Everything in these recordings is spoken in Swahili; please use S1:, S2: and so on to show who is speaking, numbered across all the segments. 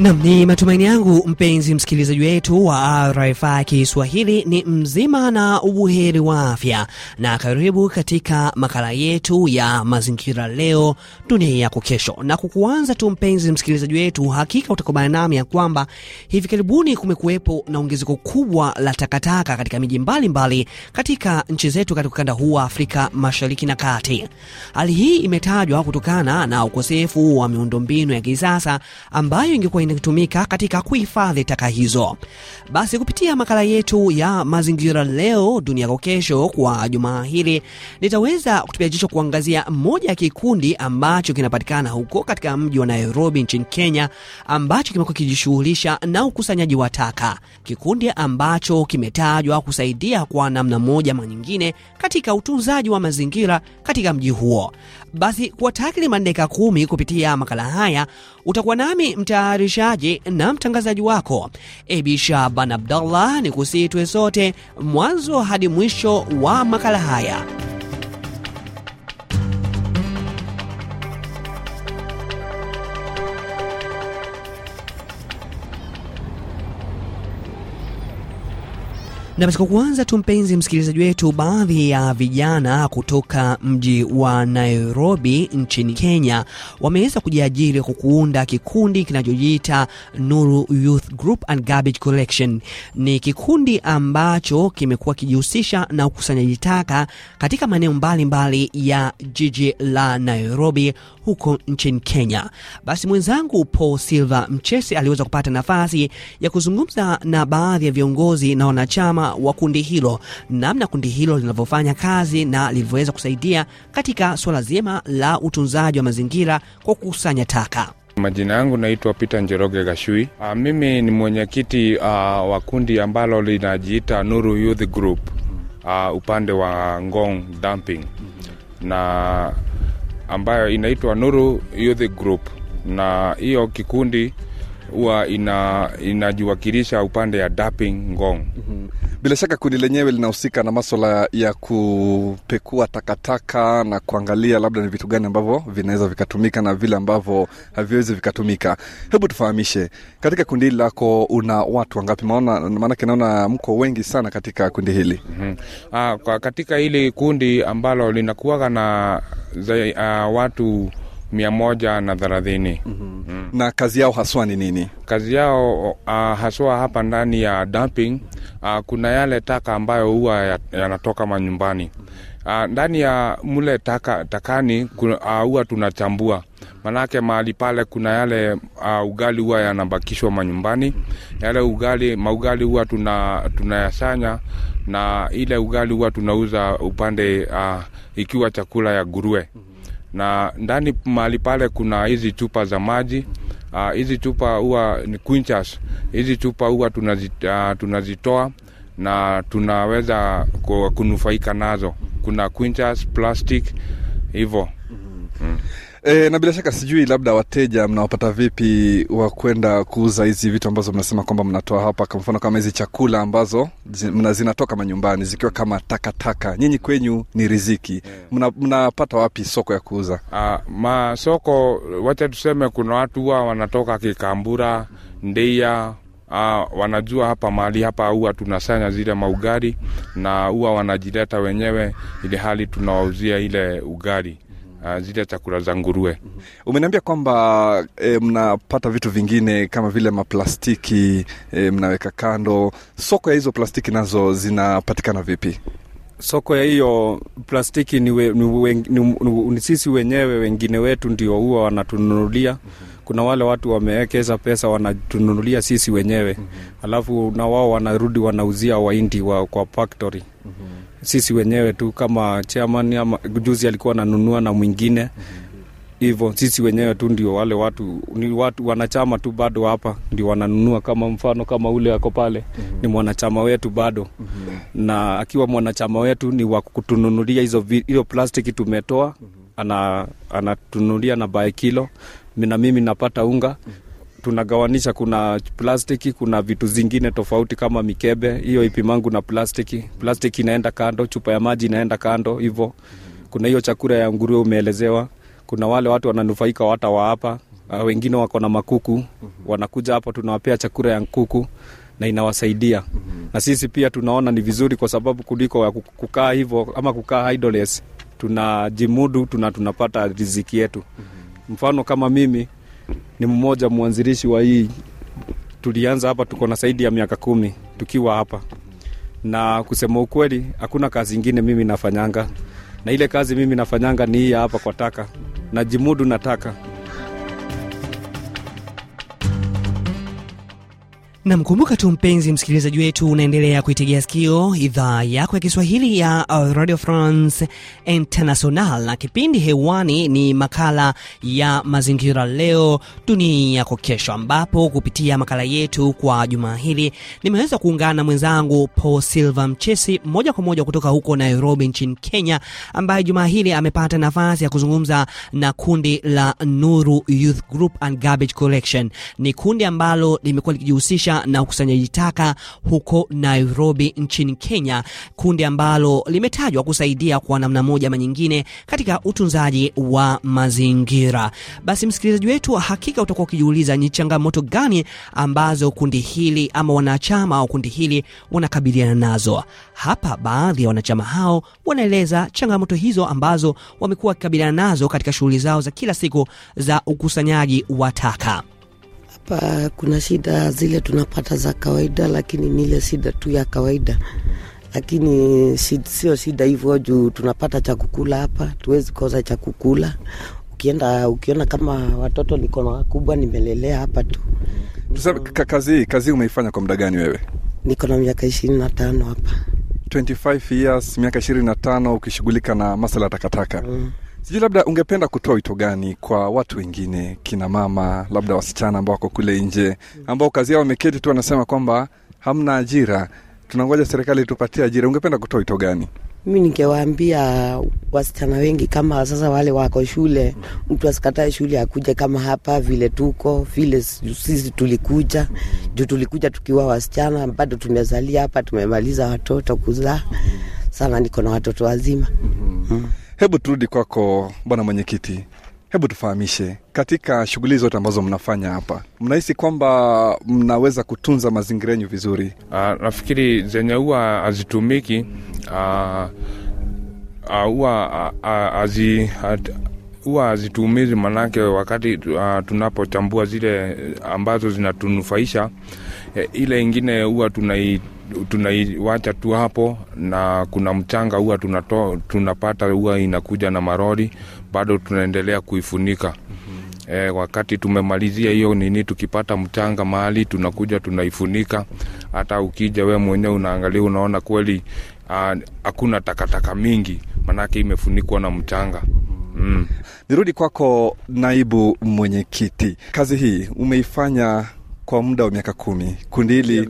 S1: Nam, ni matumaini yangu mpenzi msikilizaji wetu wa RFI Kiswahili ni mzima na ubuheri wa afya, na karibu katika makala yetu ya mazingira leo dunia yako kesho. Na kukuanza tu mpenzi msikilizaji wetu, hakika utakubana nami ya kwamba hivi karibuni kumekuwepo na ongezeko kubwa la takataka katika miji mbalimbali katika nchi zetu katika ukanda huu wa Afrika Mashariki na Kati. Hali hii imetajwa kutokana na ukosefu wa miundombinu ya kisasa ambayo ingekuwa kutumika katika kuhifadhi taka hizo. Basi kupitia makala yetu ya mazingira leo dunia kwa kesho, kwa jumaa hili nitaweza kutupia jicho kuangazia moja ya kikundi ambacho kinapatikana huko katika mji wa Nairobi nchini Kenya, ambacho kimekuwa kijishughulisha na ukusanyaji wa taka, kikundi ambacho kimetajwa kusaidia kwa namna moja ama nyingine katika utunzaji wa mazingira katika mji huo. Basi kwa takriban dakika kumi kupitia makala haya utakuwa nami mtayarisha mtayarishaji na mtangazaji wako ebisha ban Abdallah, ni kusitwe sote mwanzo hadi mwisho wa makala haya. Na katika kuanza tu, mpenzi msikilizaji wetu, baadhi ya vijana kutoka mji wa Nairobi nchini Kenya wameweza kujiajiri kwa kuunda kikundi kinachojiita Nuru Youth Group and Garbage Collection. Ni kikundi ambacho kimekuwa kijihusisha na ukusanyaji taka katika maeneo mbalimbali ya jiji la Nairobi huko nchini Kenya. Basi mwenzangu Paul Silva Mchesi aliweza kupata nafasi ya kuzungumza na baadhi ya viongozi na wanachama wa kundi hilo, namna kundi hilo linavyofanya kazi na lilivyoweza kusaidia katika swala zima la utunzaji wa mazingira kwa kukusanya taka.
S2: Majina yangu naitwa pite njeroge Gashui. A, ah, mimi ni mwenyekiti ah, wa kundi ambalo linajiita Nuru Youth Group a, ah, upande wa Ngong Dumping na ambayo inaitwa Nuru Youth Group, na hiyo kikundi huwa ina, inajiwakilisha upande ya Daping Ngong. mm-hmm.
S3: Bila shaka kundi lenyewe linahusika na maswala ya kupekua takataka na kuangalia labda ni vitu gani ambavyo vinaweza vikatumika na vile ambavyo haviwezi vikatumika. Hebu tufahamishe, katika kundi hili lako una watu wangapi? maanake naona mko wengi sana katika kundi hili.
S2: mm-hmm. Aa, ah, katika hili kundi ambalo linakuwaga na zai, uh, ah, watu mia moja na thelathini. mm -hmm. mm. na kazi yao haswa ni nini? Kazi yao uh, haswa hapa ndani ya dumping uh, kuna yale taka ambayo huwa yanatoka ya manyumbani ah, ndani ya mule taka, takani huwa uh, tunachambua manake mahali pale kuna yale uh, ugali huwa yanabakishwa manyumbani. Yale ugali maugali huwa tunayasanya tuna na ile ugali huwa tunauza upande uh, ikiwa chakula ya gurue na ndani mahali pale kuna hizi chupa za maji ah, hizi uh, chupa huwa ni quinchas. Hizi chupa huwa tunazit, uh, ah, tunazitoa na tunaweza kunufaika nazo. Kuna quinchas, plastic hivyo mhm. mm.
S3: E, na bila shaka sijui labda wateja mnawapata vipi wa kwenda kuuza hizi vitu ambazo mnasema kwamba mnatoa hapa, kwa mfano kama hizi chakula ambazo zinatoka manyumbani zikiwa kama takataka, nyinyi kwenyu ni riziki, mnapata mna wapi soko ya kuuza? Uh, masoko, wacha
S2: tuseme kuna watu huwa wanatoka Kikambura, Ndeia Uh, wanajua hapa mahali hapa huwa tunasanya zile maugari na huwa wanajileta wenyewe, ili hali tunawauzia ile ugari. Uh, zile chakula za nguruwe. Mm-hmm.
S3: Umeniambia kwamba e, mnapata vitu vingine kama vile maplastiki e, mnaweka kando. Soko ya hizo plastiki nazo zinapatikana vipi?
S4: Soko ya hiyo plastiki ni, we, ni, we, ni, ni sisi wenyewe, wengine wetu ndio huwa wanatununulia. Mm-hmm. Kuna wale watu wamewekeza pesa wanatununulia sisi wenyewe, mm-hmm. alafu na wao wanarudi wanauzia waindi wa, kwa factory sisi wenyewe tu kama chairman ama juzi alikuwa ananunua na mwingine hivyo sisi wenyewe tu ndio wale watu ni watu wanachama tu bado hapa ndio wananunua kama mfano kama ule ako pale mm-hmm. ni mwanachama wetu bado mm-hmm. na akiwa mwanachama wetu ni wa kutununulia hiyo plastiki tumetoa mm-hmm. ana na bae kilo na mimi napata unga mm-hmm tunagawanisha, kuna plastiki, kuna vitu zingine tofauti kama mikebe, hiyo ipimangu na plastiki. Plastiki inaenda kando, chupa ya maji inaenda kando, hivo kuna hiyo chakula ya nguruwe umeelezewa. Kuna wale watu wananufaika wata wa hapa, ah, wengine wako na makuku, wanakuja hapa, tunawapea chakula ya kuku na inawasaidia na sisi pia tunaona ni vizuri, kwa sababu kuliko ya kukaa hivo ama kukaa idoles tunajimudu tuna tunapata riziki yetu. Mfano kama mimi ni mmoja mwanzilishi wa hii. Tulianza hapa, tuko na zaidi ya miaka kumi tukiwa hapa, na kusema ukweli, hakuna kazi ingine mimi nafanyanga, na ile kazi mimi nafanyanga ni hii hapa kwa taka, najimudu na taka
S1: Namkumbuka tu mpenzi msikilizaji wetu, unaendelea kuitegea sikio idhaa yako ya Kiswahili ya uh, Radio France International, na kipindi hewani ni makala ya mazingira, leo dunia yako kesho, ambapo kupitia makala yetu kwa jumaa hili nimeweza kuungana na mwenzangu Paul Silva Mchesi moja kwa moja kutoka huko Nairobi nchini Kenya, ambaye jumaa hili amepata nafasi ya kuzungumza na kundi la Nuru Youth Group and Garbage Collection. Ni kundi ambalo limekuwa likijihusisha kujihusisha na ukusanyaji taka huko Nairobi nchini Kenya, kundi ambalo limetajwa kusaidia kwa namna moja ama nyingine katika utunzaji wa mazingira. Basi msikilizaji wetu, hakika utakuwa ukijiuliza ni changamoto gani ambazo kundi hili ama wanachama au kundi hili wanakabiliana nazo. Hapa baadhi ya wanachama hao wanaeleza changamoto hizo ambazo wamekuwa wakikabiliana nazo katika shughuli zao za kila siku za ukusanyaji wa taka hapa kuna shida zile tunapata za kawaida, lakini ni ile shida tu ya kawaida, lakini sio shida hivyo juu tunapata chakukula hapa, tuwezi kosa chakukula. Ukienda ukiona kama watoto niko na wakubwa, nimelelea hapa tu.
S3: Tuseme, mm. kazi kazi umeifanya kwa muda gani wewe?
S1: Niko na miaka ishirini na tano hapa,
S3: 25 years, miaka ishirini na tano ukishughulika na masala ya takataka mm. Sijui labda ungependa kutoa wito gani kwa watu wengine, kina mama, labda wasichana ambao wako kule nje, ambao kazi yao wameketi tu wanasema kwamba hamna ajira, tunangoja serikali tupatie ajira. Ungependa kutoa wito gani?
S1: Mi ningewaambia wasichana wengi kama sasa wale wako shule, mtu asikatae shule akuja kama hapa vile tuko vile sisi tulikuja juu, tulikuja tukiwa wasichana, bado tumezalia hapa, tumemaliza watoto kuzaa sana, niko na watoto wazima
S3: mm-hmm. mm. Hebu turudi kwako bwana mwenyekiti, hebu tufahamishe katika shughuli zote ambazo mnafanya hapa, mnahisi kwamba mnaweza kutunza mazingira yenyu vizuri?
S2: Uh, nafikiri zenye huwa hazitumiki uh, uh, uh, uh, uh, huwa hazituumizi manake wakati uh, ah, tunapochambua zile ambazo zinatunufaisha e, ile ingine huwa tunai tunaiwacha tu hapo, na kuna mchanga huwa tunatoa tunapata, huwa inakuja na marori, bado tunaendelea kuifunika. E, wakati tumemalizia hiyo nini, tukipata mchanga mahali tunakuja tunaifunika. Hata ukija we mwenyewe unaangalia, unaona kweli ah, hakuna takataka mingi, manake imefunikwa na mchanga
S3: mm. Nirudi kwako naibu mwenyekiti, kazi hii umeifanya kwa muda wa miaka kumi kundi hili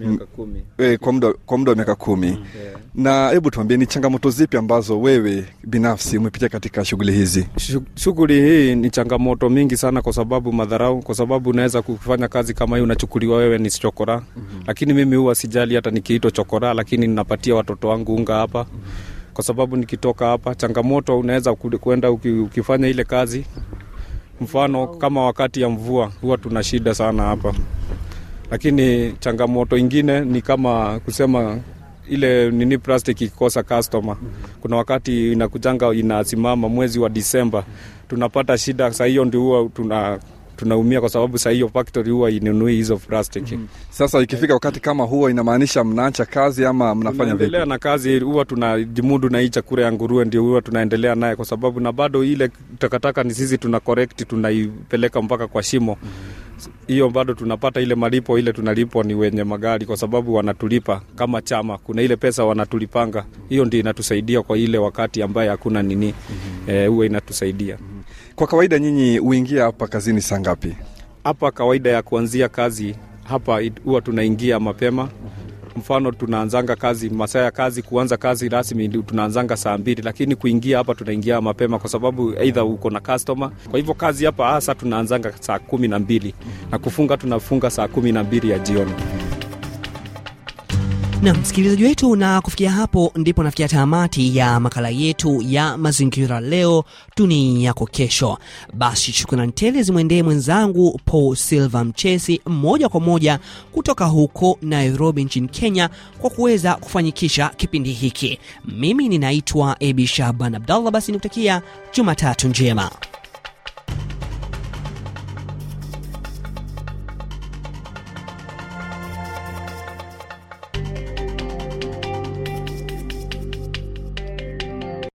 S3: e, kwa muda kwa muda wa miaka kumi mm. yeah. Na hebu tuambie ni changamoto zipi ambazo wewe binafsi umepitia katika shughuli hizi? Shughuli hii ni changamoto mingi sana, kwa sababu
S4: madharau, kwa sababu unaweza kufanya kazi kama hii unachukuliwa wewe ni chokora mm -hmm. Lakini mimi huwa sijali hata nikiitwa chokora, lakini ninapatia watoto wangu unga hapa mm -hmm kwa sababu nikitoka hapa, changamoto unaweza kuenda ukifanya ile kazi. Mfano kama wakati ya mvua huwa tuna shida sana hapa, lakini changamoto ingine ni kama kusema ile nini plastic ikikosa customer, kuna wakati inakujanga inasimama mwezi wa Disemba, tunapata shida. Sa hiyo ndio huwa tuna
S3: tunaumia kwa sababu saa hiyo factory huwa inunui hizo plastiki. mm -hmm. Sasa ikifika wakati kama huo, inamaanisha mnaacha kazi ama mnafanya vipi?
S4: na kazi huwa tunajimudu na hii chakula ya nguruwe ndio huwa tunaendelea naye, kwa sababu na bado ile takataka ni sisi tuna correct, tunaipeleka mpaka kwa shimo mm -hmm hiyo bado tunapata ile malipo ile tunalipwa ni wenye magari, kwa sababu wanatulipa kama chama, kuna ile pesa wanatulipanga. Hiyo ndio inatusaidia kwa ile wakati ambaye hakuna nini, mm -hmm. E, huwa inatusaidia
S3: kwa kawaida nyinyi huingia hapa kazini saa
S4: ngapi? Hapa kawaida ya kuanzia kazi hapa huwa tunaingia mapema mfano tunaanzanga kazi masaa ya kazi kuanza kazi rasmi ndio tunaanzanga saa mbili lakini kuingia hapa tunaingia mapema kwa sababu eidha uko na customer kwa hivyo kazi hapa hasa tunaanzanga saa kumi na mbili na kufunga tunafunga saa kumi na mbili ya jioni
S1: na msikilizaji wetu, na kufikia hapo ndipo nafikia tamati ya makala yetu ya mazingira leo, tuni yako kesho. Basi shukrani tele zimwendee mwenzangu Paul Silva Mchesi moja kwa moja kutoka huko Nairobi nchini Kenya kwa kuweza kufanyikisha kipindi hiki. Mimi ninaitwa Ebi Shahban Abdallah, basi nikutakia Jumatatu njema.